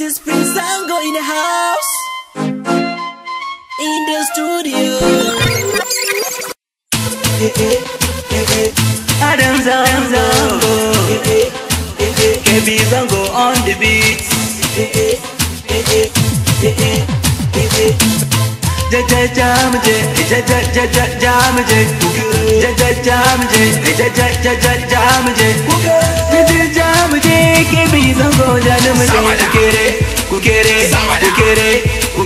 This is Prince Dango in the house In the studio Adam Zango KB Zango on the beat Ja ja jam je, ja ja ja ja jam je, ja ja jam je, ja ja ja ja jam je, ja ja jam je, ke bhi zango janam le kere.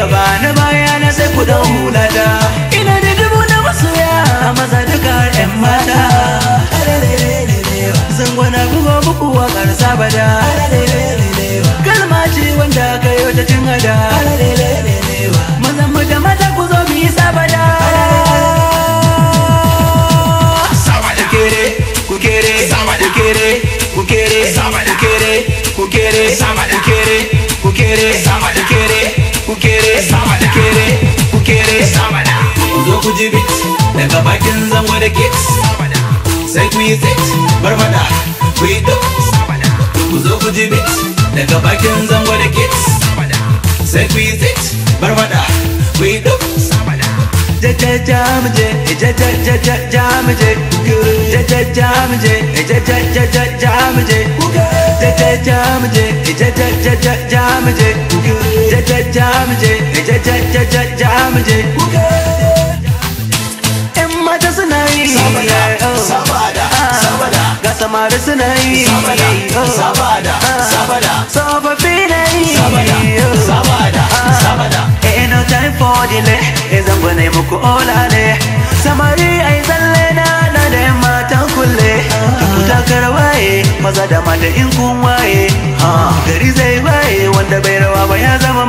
gaba na baya na sai ku dan hulata ina da dubu na masoya maza duka yan mata zangwana kuma muku wakar sabada kalma ce wanda ka yi wata cin hada mazan mu da mata kukere, kukere. kukere, kukere, kukere, kukere kukere kukere kukere kukere kukere kukere kukere kukere sai ku yi tit barbada ku yi duk ku zo ku ji bit daga bakin zango da kids sai ku yi tit barbada ku yi duk jamje jamje jamje jamje jamje jamje jamje jamje Sabada, suna yi oh. ah. sabada sabada sababbi na yi sabada sabada ah. eh, no time for delay eh, muku ola eh. samari ai zalle na na da matan kulle ku maza da mata kun waye gari zai waye wanda bai rawa ba ya zama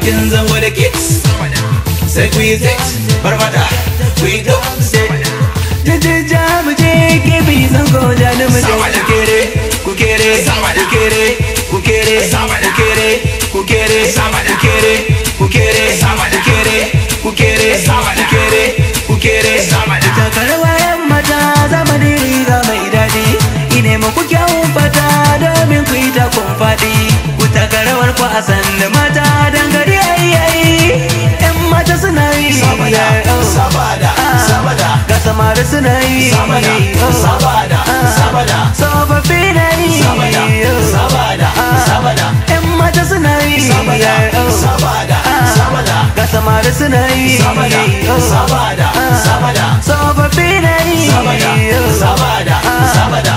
bakin zango da kids sai ku yi zit barbada ku yi duk mu je zango da namijin ku kere ku kere ku kere ku kere ku kere ku kere ku kere ku kere ku kere ku kere suna yi sabada sabada sabada sababbi na yi sabada sabada sabada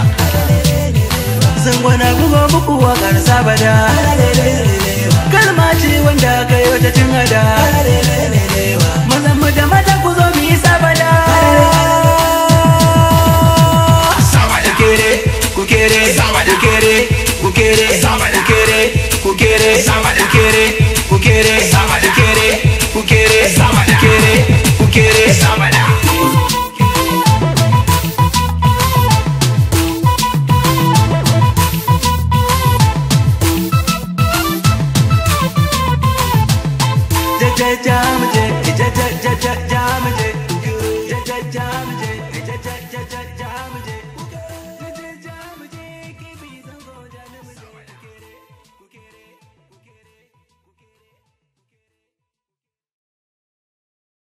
zangwana buga muku wakar sabada kalma ce wanda ka yi wata cin hada mazan mu da mata ku zo mu yi sabada kukere kukere Sabada kukere kukere Sabada kukere o querer, o querer, o querer. DJ Jam,